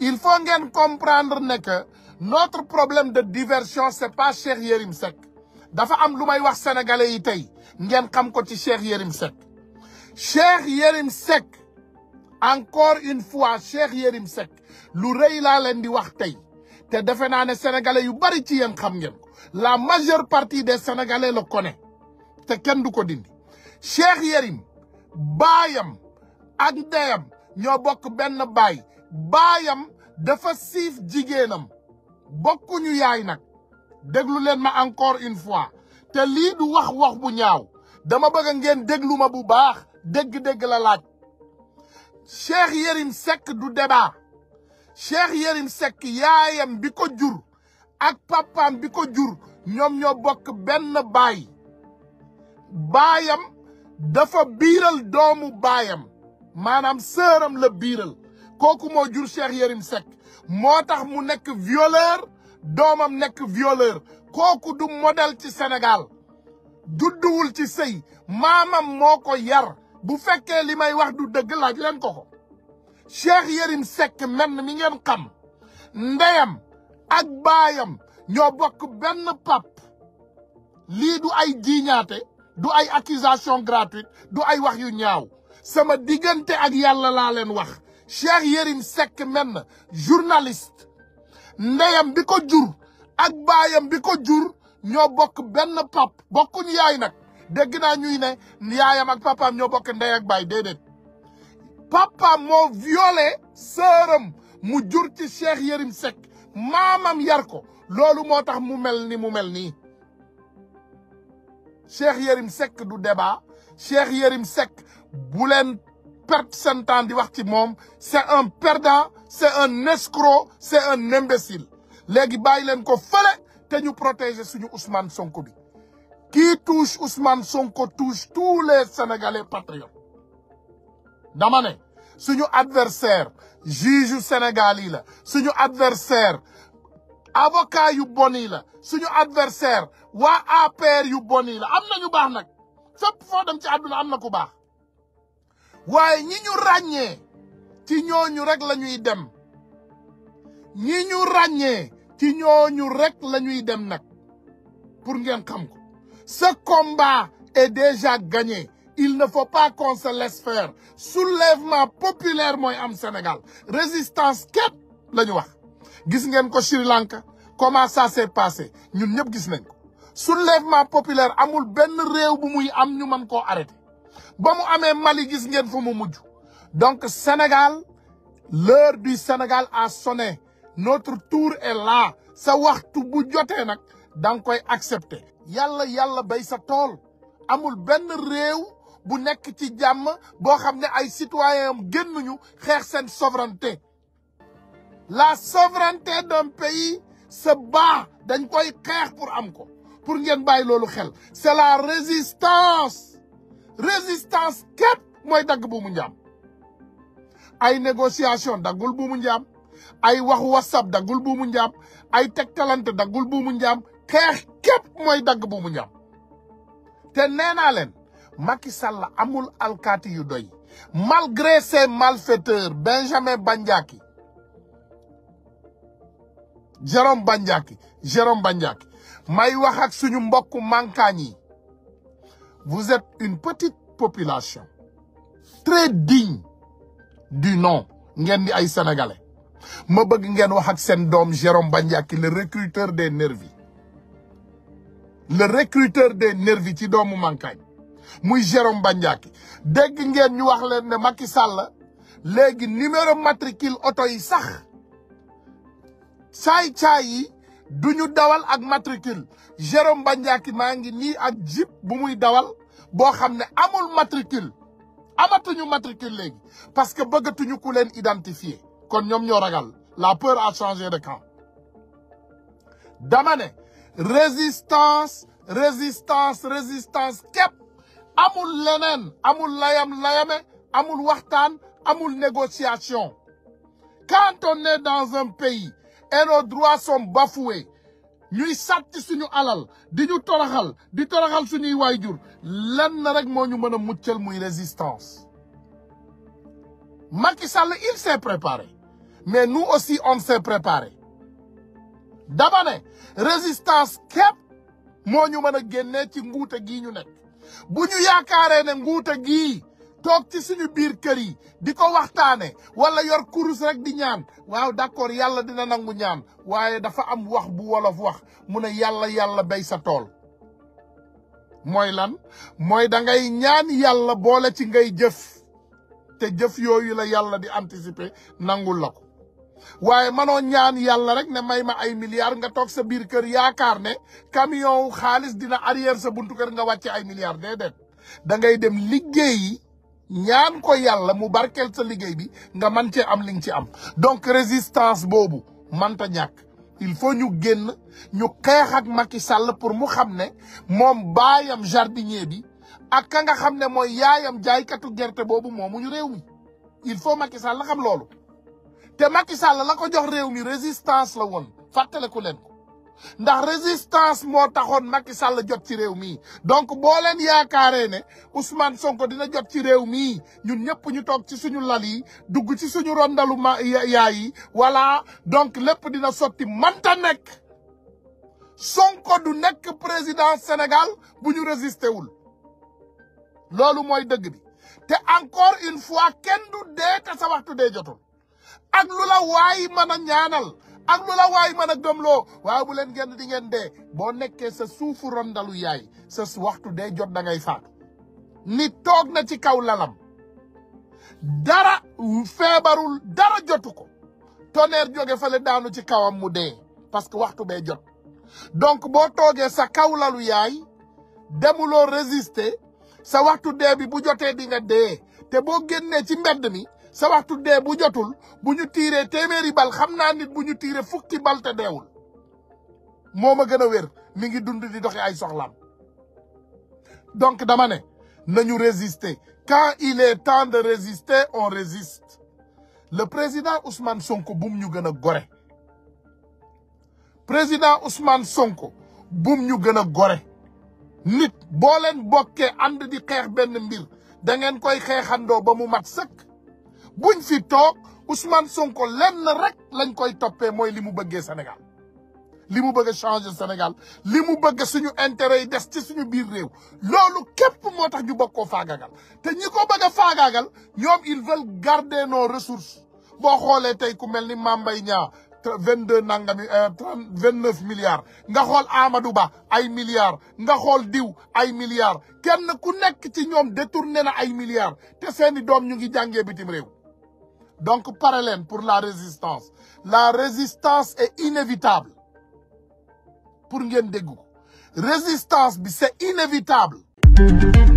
il faut ngeen comprendre ne que notre problème de diversion c'est pas Cheikh Yérim Seck dafa am lu may wax sénégalais yi tey ngeen xam ko ci Cheikh Yérim Seck Cheikh Yérim Seck encore une fois Cheikh Yérim Seck lu rëy laa leen di wax tey te defe naa ne sénégalais yu bari ci yéen xam ngeen ko la majeure partie des sénégalais le connaît te kenn du ko dindi Cheikh Yérim baayam ak ndeyam ñoo bokk benn baay baayam dafa siif jigéenam bokkuñu yaay nag déglu leen ma encore une fois te lii du wax wax bu ñaaw dama bëgg ngeen déglu ma bu baax dégg-dégg lalaaj laaj Cheikh Yérim du débat Cheikh Yérim Seck yaayam bi ko jur ak papaam bi ko jur ñoom ñoo bokk benn baay baayam dafa biiral doomu baayam maanaam sëram la biiral kooku moo jur Cheikh Yérim Seck moo tax mu nekk violeur doomam nekk violeur kooku du modèle ci Sénégal judduwul ci sëy maamam moo ko yar bu fekkee li may wax du dëgg laaj leen ko ko Cheikh Yérim Seck menn mi ngeen xam ndeyam ak baayam ñoo bokk benn pap lii du ay jiiñaate du ay accusation gratuite du ay wax yu ñaaw sama diggante ak yàlla laa leen wax Cheikh Yérim Seck menn journaliste ndeyam bi ko jur ak baayam bi ko jur ñoo bokk benn pap bokkuñu yaay nag dégg naa ñuy ne yaayam ak papaam ñoo bokk ndey ak baay déedéet papaam moo violé sëram mu jur ci Cheikh Yérim Seck maamam yar ko loolu moo tax mu mel ni mu mel ni Cheikh Yérim sekk du deba Cheikh Yérim Seck bu perte seen temps di wax ci moom c'est un perdant c'est un escroc c'est un imbécile léegi bàyyi leen ko fële te ñu protéger suñu Ousmane Sonko bi kii touche Ousmane Sonko touche tous les Sénégalais patriotes dama ne suñu adversaire juge yu Sénégal yi la suñu adversaire avocat yu bon yi la suñu adversaire waa APR yu bon yi la am na ñu baax nag fépp foo dem ci àdduna am na ku baax waaye ñi ñu ràññee ci ñooñu rek la ñuy dem ñi ñu ràññee ci ñooñu rek la ñuy dem nag pour ngeen xam ko ce combat et déjà gagné il ne faut pas qu'on se laisse faire populaire mooy am Sénégal résistance képp la wax gis ngeen ko Sri Lanka comment ça s'est passé ñun ñëpp gis nañ ko levement populaire amul benn réew bu muy am ñu mën koo arrêté ba mu amee Mali gis ngeen fu mu mujj donc Sénégal leur du Sénégal a sonné notre tour est là sa waxtu bu jotee nag da koy accepter. yàlla yàlla bay sa tool amul benn réew bu nekk ci jàmm boo xam ne ay citoyens am génnuñu xeex seen sovranté la sovranté d'un pays se bat dañ koy xeex pour am ko pour ngeen bàyyi loolu xel c'est la résistance. résistance képp mooy dagg bu mu ay négociation daggul bu mu ay waxu whatsapp daggul bu mu njaam ay tegtalante daggul bu mu njaam képp mooy dagg bu mu njaam te nee naa leen amul alkaati yu doy malgré ses malfaiteurs Benjamin Bandiaki Jérôme Bandiaki Jérôme Bandiaki may wax ak suñu mbokku mankaañ vous êtes une petite population très digne du nom ngeen di ay sénégalais ma bëgg ngeen wax ak seen doom Jérôme Bandiaky le recruteur des nervis le recruteur des nervis ci doomu Mankañ muy Jérôme Bandiaky dégg ngeen ñu wax leen ne Macky Sall léegi numéro matricule oto yi sax caay-caay yi du ñu dawal ak matricule Jérôme Bandiaki maa ngi nii ak jip bu muy dawal boo xam ne amul matricule amatuñu matricule léegi parce que bëggatuñu ku leen identifier kon ñoom ñoo ragal la peur a changé de camp dama résistance résistance résistance képp amul leneen amul layam layame amul waxtaan amul négociation quand on est dans un pays et nos droits sont bafoués ñuy sàcc suñu alal di ñu toroxal di toroxal suñuy waayjur lenn rek moo ñu mën a muccal muy résistance Macky Sall il s'est préparé mais nu aussi on s'est préparé dama ne résistance képp moo ñu mën a génnee ci nguute gii ñu nekk bu ñu yaakaaree ne nguute gii toog ci suñu biir kër yi di ko waxtaane wala yor kurus rek di ñaan waaw d'accord yàlla dina nangu ñaan waaye dafa am wax bu wolof wax mu ne yàlla yàlla béy sa tool mooy lan mooy dangay ngay ñaan yàlla boole ci ngay jëf te jëf yooyu la yàlla di anticiper nangul la ko waaye manoo ñaan yàlla rek ne may ma ay milliards nga toog sa biir kër yaakaar ne camion xaalis dina arrière sa buntu kër nga wàcce ay milliards déedéet da dem liggéeyi ñaan ko yàlla mu barkeel sa liggéey bi nga man cee am li nga ci am donc résistance boobu manta ñàkk il faut ñu génn ñu xeex ak Macky Sall pour mu xam ne moom baayam jardinier bi ak ka nga xam ne mooy yaayam jaaykatu gerte boobu moomuñu réew mi il faut Macky Sall la xam loolu te Macky Sall la ko jox réew mi résistance la woon ku leen ndax résistance moo taxoon Macky Sall jot ci réew mii donc boo leen yaakaaree ne Ousmane Sonko dina jot ci réew mii ñun ñëpp ñu toog ci suñu lal yi dugg ci suñu rondalu ma yaay yi voilà donc lépp dina sotti manta nekk Sonko du nekk président Sénégal bu ñu résisté wul loolu mooy dëgg bi te encore une fois kenn du dee te sa waxtu dee jotul ak lu la waay mën a ñaanal ak lu la waay mën a gëmloo waaye bu leen genn di ngeen dee boo nekkee sa suufu rondalu yaay sa waxtu dee jot dangay ngay faatu nit toog na ci kaw lalam dara feebarul dara jotu ko tonnerre jóge fale daanu ci kawam mu dee parce que waxtu bee jot donc boo toogee sa kaw lalu yaay demuloo résister sa waxtu dee bi bu jotee di nga dee te boo génnee ci mbedd mi sa waxtu dee bu jotul bu ñu tiiree téeméeri bal xam naa nit bu ñu tiiree fukki bal te deewul moo ma gën a wér mi ngi dund di doxi ay soxlaam donc damane ne nañu résister quand il est temps de résister on résiste le président Ousmane Sonko bum ñu gën a gore président Ousmane Sonko bum ñu gën a gore nit boo leen bokkee ànd di xeex benn mbir da ngeen koy xeexandoo ba mu mat sëkk buñ fi toog Ousmane Sonko lenn rek lañ koy toppee mooy li mu bëggee Sénégal li mu bëgg a changer Sénégal li mu bëgg suñu intérêt yi des ci suñu biir réew loolu képp moo tax ñu bëgg koo faagaagal te ñi ko bëgg a faagaagal ñoom il veulent garder no ressource boo xoolee tey ku mel ni Mame Mbaye Niang vingt deux nangami euh, vingt neuf milliards nga xool Amadou Ba ay milliards nga xool diw ay milliards kenn ku nekk ci ñoom détourné na ay milliards te seeni doom ñu ngi jàngee bitim réew donc pare leen pour la résistance la résistance est inévitable pour ngeen dégg ko résistance bi c'est inévitable